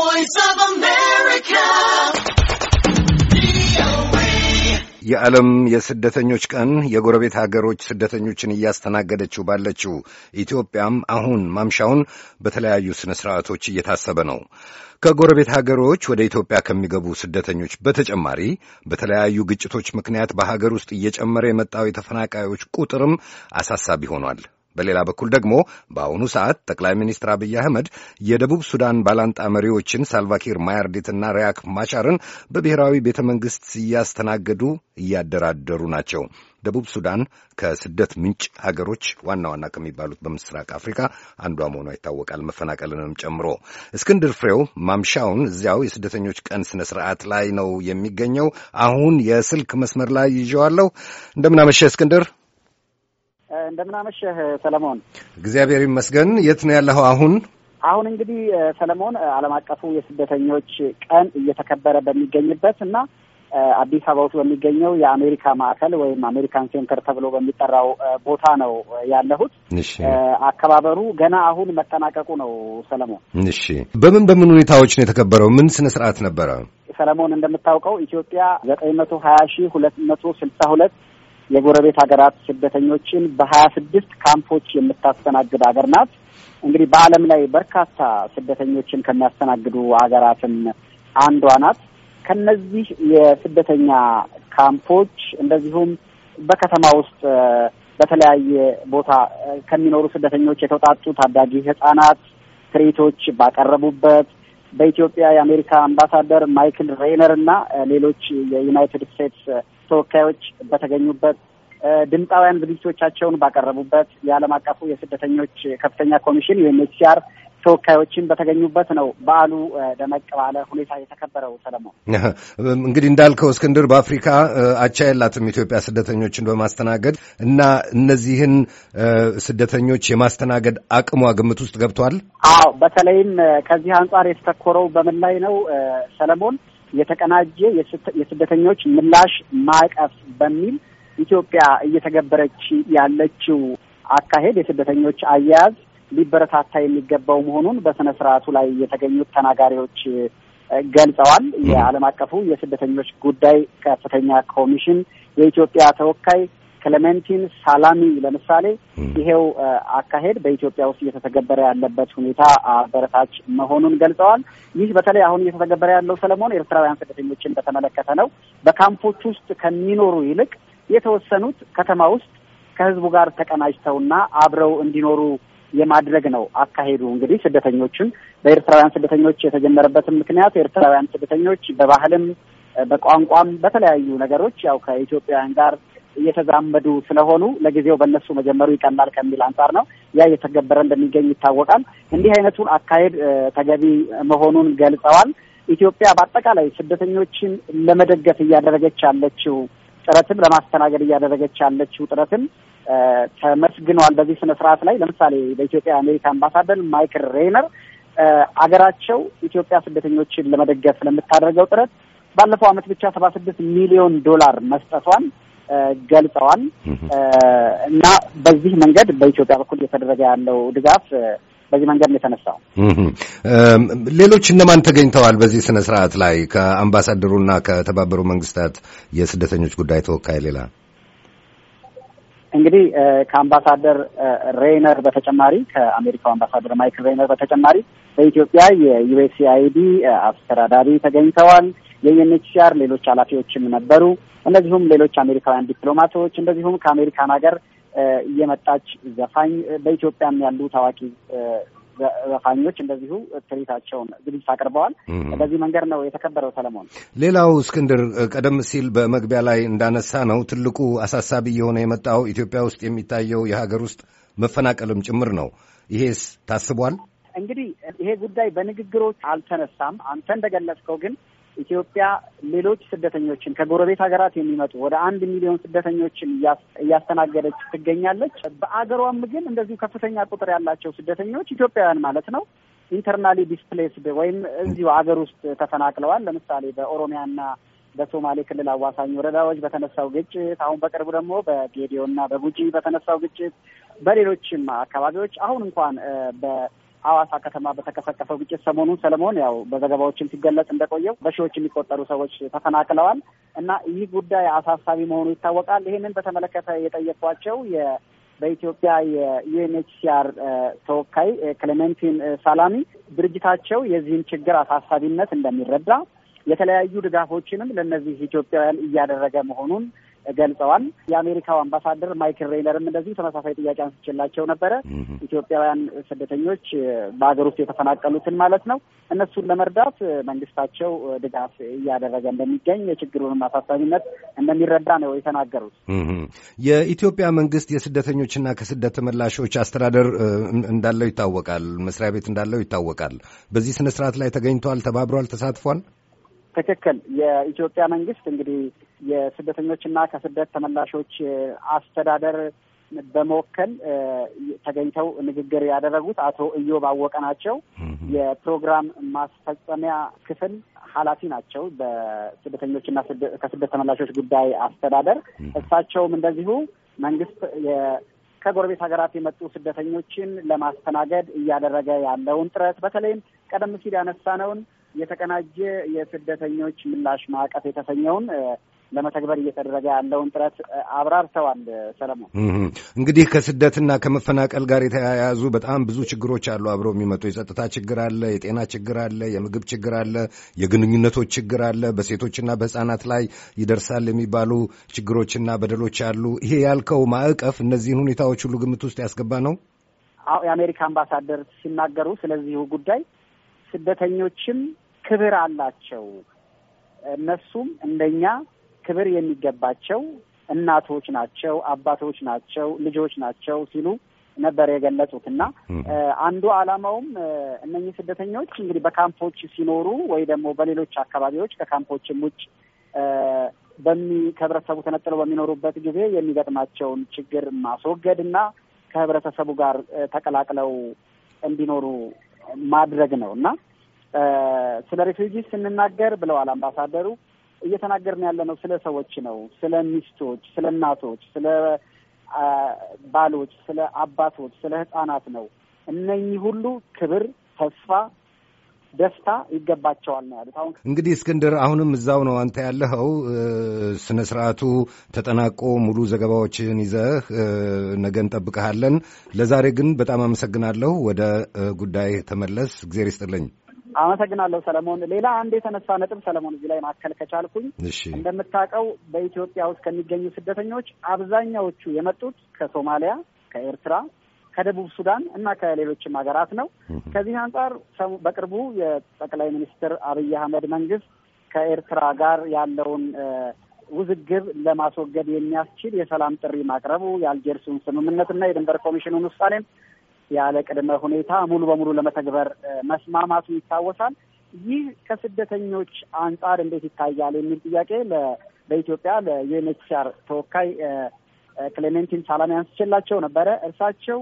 voice of America. የዓለም የስደተኞች ቀን የጎረቤት ሀገሮች ስደተኞችን እያስተናገደችው ባለችው ኢትዮጵያም አሁን ማምሻውን በተለያዩ ሥነ ሥርዓቶች እየታሰበ ነው። ከጎረቤት ሀገሮች ወደ ኢትዮጵያ ከሚገቡ ስደተኞች በተጨማሪ በተለያዩ ግጭቶች ምክንያት በሀገር ውስጥ እየጨመረ የመጣው የተፈናቃዮች ቁጥርም አሳሳቢ ሆኗል። በሌላ በኩል ደግሞ በአሁኑ ሰዓት ጠቅላይ ሚኒስትር አብይ አህመድ የደቡብ ሱዳን ባላንጣ መሪዎችን ሳልቫኪር ማያርዲትና ሪያክ ማቻርን በብሔራዊ ቤተ መንግሥት እያስተናገዱ እያደራደሩ ናቸው። ደቡብ ሱዳን ከስደት ምንጭ ሀገሮች ዋና ዋና ከሚባሉት በምስራቅ አፍሪካ አንዷ መሆኗ ይታወቃል፣ መፈናቀልንም ጨምሮ። እስክንድር ፍሬው ማምሻውን እዚያው የስደተኞች ቀን ስነ ስርዓት ላይ ነው የሚገኘው። አሁን የስልክ መስመር ላይ ይዤዋለሁ። እንደምናመሸ እስክንድር እንደምናመሸህ ሰለሞን። እግዚአብሔር ይመስገን። የት ነው ያለኸው አሁን? አሁን እንግዲህ ሰለሞን ዓለም አቀፉ የስደተኞች ቀን እየተከበረ በሚገኝበት እና አዲስ አበባ ውስጥ በሚገኘው የአሜሪካ ማዕከል ወይም አሜሪካን ሴንተር ተብሎ በሚጠራው ቦታ ነው ያለሁት። አከባበሩ ገና አሁን መጠናቀቁ ነው ሰለሞን። እሺ፣ በምን በምን ሁኔታዎች ነው የተከበረው? ምን ስነ ስርዓት ነበረ ሰለሞን? እንደምታውቀው ኢትዮጵያ ዘጠኝ መቶ ሀያ ሺህ ሁለት መቶ ስልሳ ሁለት የጎረቤት ሀገራት ስደተኞችን በሀያ ስድስት ካምፖች የምታስተናግድ ሀገር ናት። እንግዲህ በዓለም ላይ በርካታ ስደተኞችን ከሚያስተናግዱ ሀገራትም አንዷ ናት። ከነዚህ የስደተኛ ካምፖች እንደዚሁም በከተማ ውስጥ በተለያየ ቦታ ከሚኖሩ ስደተኞች የተውጣጡ ታዳጊ ህጻናት ትርኢቶች ባቀረቡበት በኢትዮጵያ የአሜሪካ አምባሳደር ማይክል ሬይነር እና ሌሎች የዩናይትድ ስቴትስ ተወካዮች በተገኙበት ድምፃውያን ዝግጅቶቻቸውን ባቀረቡበት የዓለም አቀፉ የስደተኞች ከፍተኛ ኮሚሽን ዩኤንኤችሲአር ተወካዮችን በተገኙበት ነው በዓሉ ደመቅ ባለ ሁኔታ የተከበረው። ሰለሞን እንግዲህ እንዳልከው እስክንድር በአፍሪካ አቻ የላትም ኢትዮጵያ ስደተኞችን በማስተናገድ እና እነዚህን ስደተኞች የማስተናገድ አቅሟ ግምት ውስጥ ገብቷል። አዎ፣ በተለይም ከዚህ አንጻር የተተኮረው በምን ላይ ነው ሰለሞን? የተቀናጀ የስደተኞች ምላሽ ማዕቀፍ በሚል ኢትዮጵያ እየተገበረች ያለችው አካሄድ የስደተኞች አያያዝ ሊበረታታ የሚገባው መሆኑን በስነ ስርዓቱ ላይ የተገኙት ተናጋሪዎች ገልጸዋል። የዓለም አቀፉ የስደተኞች ጉዳይ ከፍተኛ ኮሚሽን የኢትዮጵያ ተወካይ ክሌመንቲን ሳላሚ ለምሳሌ ይሄው አካሄድ በኢትዮጵያ ውስጥ እየተተገበረ ያለበት ሁኔታ አበረታች መሆኑን ገልጸዋል። ይህ በተለይ አሁን እየተተገበረ ያለው ሰለሞን ኤርትራውያን ስደተኞችን በተመለከተ ነው። በካምፖች ውስጥ ከሚኖሩ ይልቅ የተወሰኑት ከተማ ውስጥ ከህዝቡ ጋር ተቀናጅተውና አብረው እንዲኖሩ የማድረግ ነው አካሄዱ። እንግዲህ ስደተኞችን በኤርትራውያን ስደተኞች የተጀመረበትም ምክንያት ኤርትራውያን ስደተኞች በባህልም በቋንቋም በተለያዩ ነገሮች ያው ከኢትዮጵያውያን ጋር እየተዛመዱ ስለሆኑ ለጊዜው በእነሱ መጀመሩ ይቀላል ከሚል አንጻር ነው። ያ እየተገበረ እንደሚገኝ ይታወቃል። እንዲህ አይነቱን አካሄድ ተገቢ መሆኑን ገልጸዋል። ኢትዮጵያ በአጠቃላይ ስደተኞችን ለመደገፍ እያደረገች ያለችው ጥረትም ለማስተናገድ እያደረገች ያለችው ጥረትም ተመስግኗል። በዚህ ስነ ስርዓት ላይ ለምሳሌ በኢትዮጵያ የአሜሪካ አምባሳደር ማይክል ሬነር አገራቸው ኢትዮጵያ ስደተኞችን ለመደገፍ ለምታደርገው ጥረት ባለፈው ዓመት ብቻ ሰባ ስድስት ሚሊዮን ዶላር መስጠቷን ገልጸዋል። እና በዚህ መንገድ በኢትዮጵያ በኩል እየተደረገ ያለው ድጋፍ በዚህ መንገድ ነው የተነሳው። ሌሎች እነማን ተገኝተዋል በዚህ ስነ ስርዓት ላይ ከአምባሳደሩና ከተባበሩ መንግስታት የስደተኞች ጉዳይ ተወካይ ሌላ እንግዲህ ከአምባሳደር ሬይነር በተጨማሪ ከአሜሪካው አምባሳደር ማይክል ሬይነር በተጨማሪ በኢትዮጵያ የዩኤስኤአይዲ አስተዳዳሪ ተገኝተዋል። የዩኤንኤችሲአር ሌሎች ኃላፊዎችም ነበሩ። እንደዚሁም ሌሎች አሜሪካውያን ዲፕሎማቶች እንደዚሁም ከአሜሪካን ሀገር እየመጣች ዘፋኝ በኢትዮጵያም ያሉ ታዋቂ ዘፋኞች እንደዚሁ ትርኢታቸውን ዝግጅት አቅርበዋል። በዚህ መንገድ ነው የተከበረው። ሰለሞን፣ ሌላው እስክንድር ቀደም ሲል በመግቢያ ላይ እንዳነሳ ነው ትልቁ አሳሳቢ እየሆነ የመጣው ኢትዮጵያ ውስጥ የሚታየው የሀገር ውስጥ መፈናቀልም ጭምር ነው። ይሄስ ታስቧል? እንግዲህ ይሄ ጉዳይ በንግግሮች አልተነሳም። አንተ እንደገለጽከው ግን ኢትዮጵያ ሌሎች ስደተኞችን ከጎረቤት ሀገራት የሚመጡ ወደ አንድ ሚሊዮን ስደተኞችን እያስተናገደች ትገኛለች። በአገሯም ግን እንደዚሁ ከፍተኛ ቁጥር ያላቸው ስደተኞች ኢትዮጵያውያን ማለት ነው ኢንተርናሊ ዲስፕሌስድ ወይም እዚሁ አገር ውስጥ ተፈናቅለዋል። ለምሳሌ በኦሮሚያና በሶማሌ ክልል አዋሳኝ ወረዳዎች በተነሳው ግጭት፣ አሁን በቅርቡ ደግሞ በጌዲዮና በጉጂ በተነሳው ግጭት፣ በሌሎችም አካባቢዎች አሁን እንኳን ሐዋሳ ከተማ በተቀሰቀሰው ግጭት ሰሞኑን ሰለሞን ያው በዘገባዎችም ሲገለጽ እንደቆየው በሺዎች የሚቆጠሩ ሰዎች ተፈናቅለዋል እና ይህ ጉዳይ አሳሳቢ መሆኑ ይታወቃል። ይህንን በተመለከተ የጠየኳቸው በኢትዮጵያ የዩኤንኤችሲአር ተወካይ ክሌሜንቲን ሳላሚ ድርጅታቸው የዚህን ችግር አሳሳቢነት እንደሚረዳ የተለያዩ ድጋፎችንም ለእነዚህ ኢትዮጵያውያን እያደረገ መሆኑን ገልጸዋል። የአሜሪካው አምባሳደር ማይክል ሬይነርም እንደዚሁ ተመሳሳይ ጥያቄ አንስችላቸው ነበረ። ኢትዮጵያውያን ስደተኞች በሀገር ውስጥ የተፈናቀሉትን ማለት ነው እነሱን ለመርዳት መንግስታቸው ድጋፍ እያደረገ እንደሚገኝ የችግሩንም አሳሳቢነት እንደሚረዳ ነው የተናገሩት። የኢትዮጵያ መንግስት የስደተኞችና ከስደት ተመላሾች አስተዳደር እንዳለው ይታወቃል፣ መስሪያ ቤት እንዳለው ይታወቃል። በዚህ ስነ ስርዓት ላይ ተገኝቷል፣ ተባብሯል፣ ተሳትፏል። ትክክል። የኢትዮጵያ መንግስት እንግዲህ የስደተኞችና ከስደት ተመላሾች አስተዳደር በመወከል ተገኝተው ንግግር ያደረጉት አቶ እዮብ አወቀ ናቸው። የፕሮግራም ማስፈጸሚያ ክፍል ኃላፊ ናቸው በስደተኞችና ከስደት ተመላሾች ጉዳይ አስተዳደር። እሳቸውም እንደዚሁ መንግስት ከጎረቤት ሀገራት የመጡ ስደተኞችን ለማስተናገድ እያደረገ ያለውን ጥረት በተለይም ቀደም ሲል ያነሳነውን የተቀናጀ የስደተኞች ምላሽ ማዕቀፍ የተሰኘውን ለመተግበር እየተደረገ ያለውን ጥረት አብራርተዋል። ሰለሞን እንግዲህ ከስደትና ከመፈናቀል ጋር የተያያዙ በጣም ብዙ ችግሮች አሉ አብሮ የሚመጡ የጸጥታ ችግር አለ፣ የጤና ችግር አለ፣ የምግብ ችግር አለ፣ የግንኙነቶች ችግር አለ፣ በሴቶችና በህጻናት ላይ ይደርሳል የሚባሉ ችግሮችና በደሎች አሉ። ይሄ ያልከው ማዕቀፍ እነዚህን ሁኔታዎች ሁሉ ግምት ውስጥ ያስገባ ነው። የአሜሪካ አምባሳደር ሲናገሩ ስለዚሁ ጉዳይ ስደተኞችም ክብር አላቸው እነሱም እንደኛ ክብር የሚገባቸው እናቶች ናቸው፣ አባቶች ናቸው፣ ልጆች ናቸው ሲሉ ነበር የገለጹት እና አንዱ ዓላማውም እነኚህ ስደተኞች እንግዲህ በካምፖች ሲኖሩ ወይ ደግሞ በሌሎች አካባቢዎች ከካምፖችም ውጭ በሚ ከህብረተሰቡ ተነጥለው በሚኖሩበት ጊዜ የሚገጥማቸውን ችግር ማስወገድ እና ከህብረተሰቡ ጋር ተቀላቅለው እንዲኖሩ ማድረግ ነው እና ስለ ሪፊውጂ ስንናገር ብለዋል አምባሳደሩ እየተናገርን ያለ ነው። ስለ ሰዎች ነው። ስለ ሚስቶች፣ ስለ እናቶች፣ ስለ ባሎች፣ ስለ አባቶች፣ ስለ ህጻናት ነው። እነኚህ ሁሉ ክብር፣ ተስፋ፣ ደስታ ይገባቸዋል ነው ያሉት። አሁን እንግዲህ እስክንድር፣ አሁንም እዛው ነው አንተ ያለኸው። ስነ ስርዓቱ ተጠናቆ ሙሉ ዘገባዎችን ይዘህ ነገ እንጠብቀሃለን። ለዛሬ ግን በጣም አመሰግናለሁ። ወደ ጉዳይ ተመለስ። እግዜር ይስጥልኝ። አመሰግናለሁ ሰለሞን። ሌላ አንድ የተነሳ ነጥብ ሰለሞን፣ እዚህ ላይ ማከል ከቻልኩኝ እንደምታውቀው በኢትዮጵያ ውስጥ ከሚገኙ ስደተኞች አብዛኛዎቹ የመጡት ከሶማሊያ፣ ከኤርትራ፣ ከደቡብ ሱዳን እና ከሌሎችም ሀገራት ነው። ከዚህ አንጻር በቅርቡ የጠቅላይ ሚኒስትር አብይ አህመድ መንግስት ከኤርትራ ጋር ያለውን ውዝግብ ለማስወገድ የሚያስችል የሰላም ጥሪ ማቅረቡ የአልጀርሱን ስምምነትና የድንበር ኮሚሽኑን ውሳኔም ያለ ቅድመ ሁኔታ ሙሉ በሙሉ ለመተግበር መስማማቱ ይታወሳል። ይህ ከስደተኞች አንጻር እንዴት ይታያል የሚል ጥያቄ በኢትዮጵያ ለዩኤንኤችሲአር ተወካይ ክሌሜንቲን ሳላሚ አንስቼላቸው ነበረ። እርሳቸው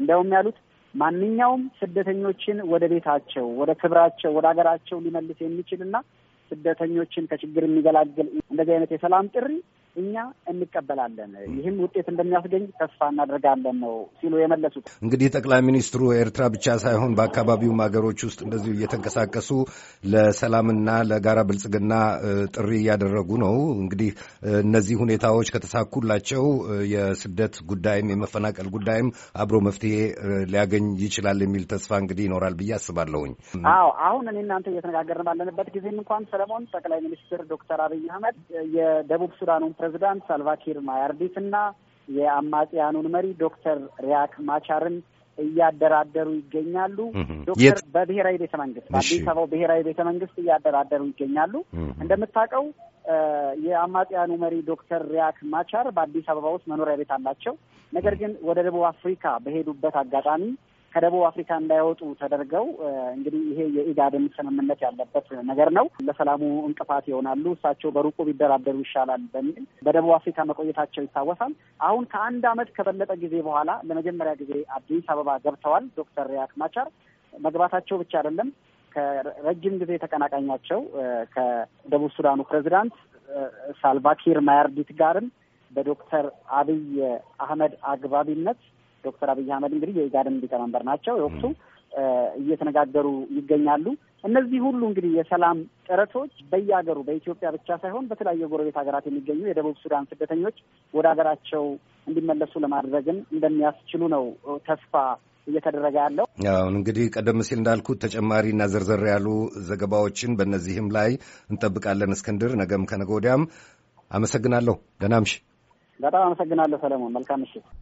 እንደውም ያሉት ማንኛውም ስደተኞችን ወደ ቤታቸው፣ ወደ ክብራቸው፣ ወደ ሀገራቸው ሊመልስ የሚችል እና ስደተኞችን ከችግር የሚገላግል እንደዚህ አይነት የሰላም ጥሪ እኛ እንቀበላለን፣ ይህም ውጤት እንደሚያስገኝ ተስፋ እናደርጋለን ነው ሲሉ የመለሱት። እንግዲህ ጠቅላይ ሚኒስትሩ ኤርትራ ብቻ ሳይሆን በአካባቢውም ሀገሮች ውስጥ እንደዚሁ እየተንቀሳቀሱ ለሰላምና ለጋራ ብልጽግና ጥሪ እያደረጉ ነው። እንግዲህ እነዚህ ሁኔታዎች ከተሳኩላቸው የስደት ጉዳይም የመፈናቀል ጉዳይም አብሮ መፍትሄ ሊያገኝ ይችላል የሚል ተስፋ እንግዲህ ይኖራል ብዬ አስባለሁኝ። አዎ አሁን እኔ እናንተ እየተነጋገርን ባለንበት ጊዜም እንኳን ሰለሞን ጠቅላይ ሚኒስትር ዶክተር አብይ አህመድ የደቡብ ሱዳኑን ፕሬዚዳንት ሳልቫኪር ማያርዲት እና የአማጽያኑን መሪ ዶክተር ሪያክ ማቻርን እያደራደሩ ይገኛሉ። ዶክተር በብሔራዊ ቤተ መንግስት በአዲስ አበባው ብሔራዊ ቤተ መንግስት እያደራደሩ ይገኛሉ። እንደምታውቀው የአማጽያኑ መሪ ዶክተር ሪያክ ማቻር በአዲስ አበባ ውስጥ መኖሪያ ቤት አላቸው። ነገር ግን ወደ ደቡብ አፍሪካ በሄዱበት አጋጣሚ ከደቡብ አፍሪካ እንዳይወጡ ተደርገው እንግዲህ ይሄ የኢጋድን ስምምነት ያለበት ነገር ነው። ለሰላሙ እንቅፋት ይሆናሉ፣ እሳቸው በሩቁ ቢደራደሩ ይሻላል በሚል በደቡብ አፍሪካ መቆየታቸው ይታወሳል። አሁን ከአንድ አመት ከበለጠ ጊዜ በኋላ ለመጀመሪያ ጊዜ አዲስ አበባ ገብተዋል። ዶክተር ሪያክ ማቻር መግባታቸው ብቻ አይደለም ከረጅም ጊዜ ተቀናቃኛቸው ከደቡብ ሱዳኑ ፕሬዚዳንት ሳልቫኪር ማያርዲት ጋርም በዶክተር አብይ አህመድ አግባቢነት ዶክተር አብይ አህመድ እንግዲህ የኢጋድም ሊቀመንበር ናቸው። የወቅቱ እየተነጋገሩ ይገኛሉ። እነዚህ ሁሉ እንግዲህ የሰላም ጥረቶች በየሀገሩ በኢትዮጵያ ብቻ ሳይሆን በተለያዩ ጎረቤት ሀገራት የሚገኙ የደቡብ ሱዳን ስደተኞች ወደ ሀገራቸው እንዲመለሱ ለማድረግን እንደሚያስችሉ ነው ተስፋ እየተደረገ ያለው። አሁን እንግዲህ ቀደም ሲል እንዳልኩት ተጨማሪና ዘርዘር ያሉ ዘገባዎችን በእነዚህም ላይ እንጠብቃለን። እስክንድር፣ ነገም ከነገ ወዲያም አመሰግናለሁ። ደህና በጣም አመሰግናለሁ ሰለሞን። መልካም ምሽት።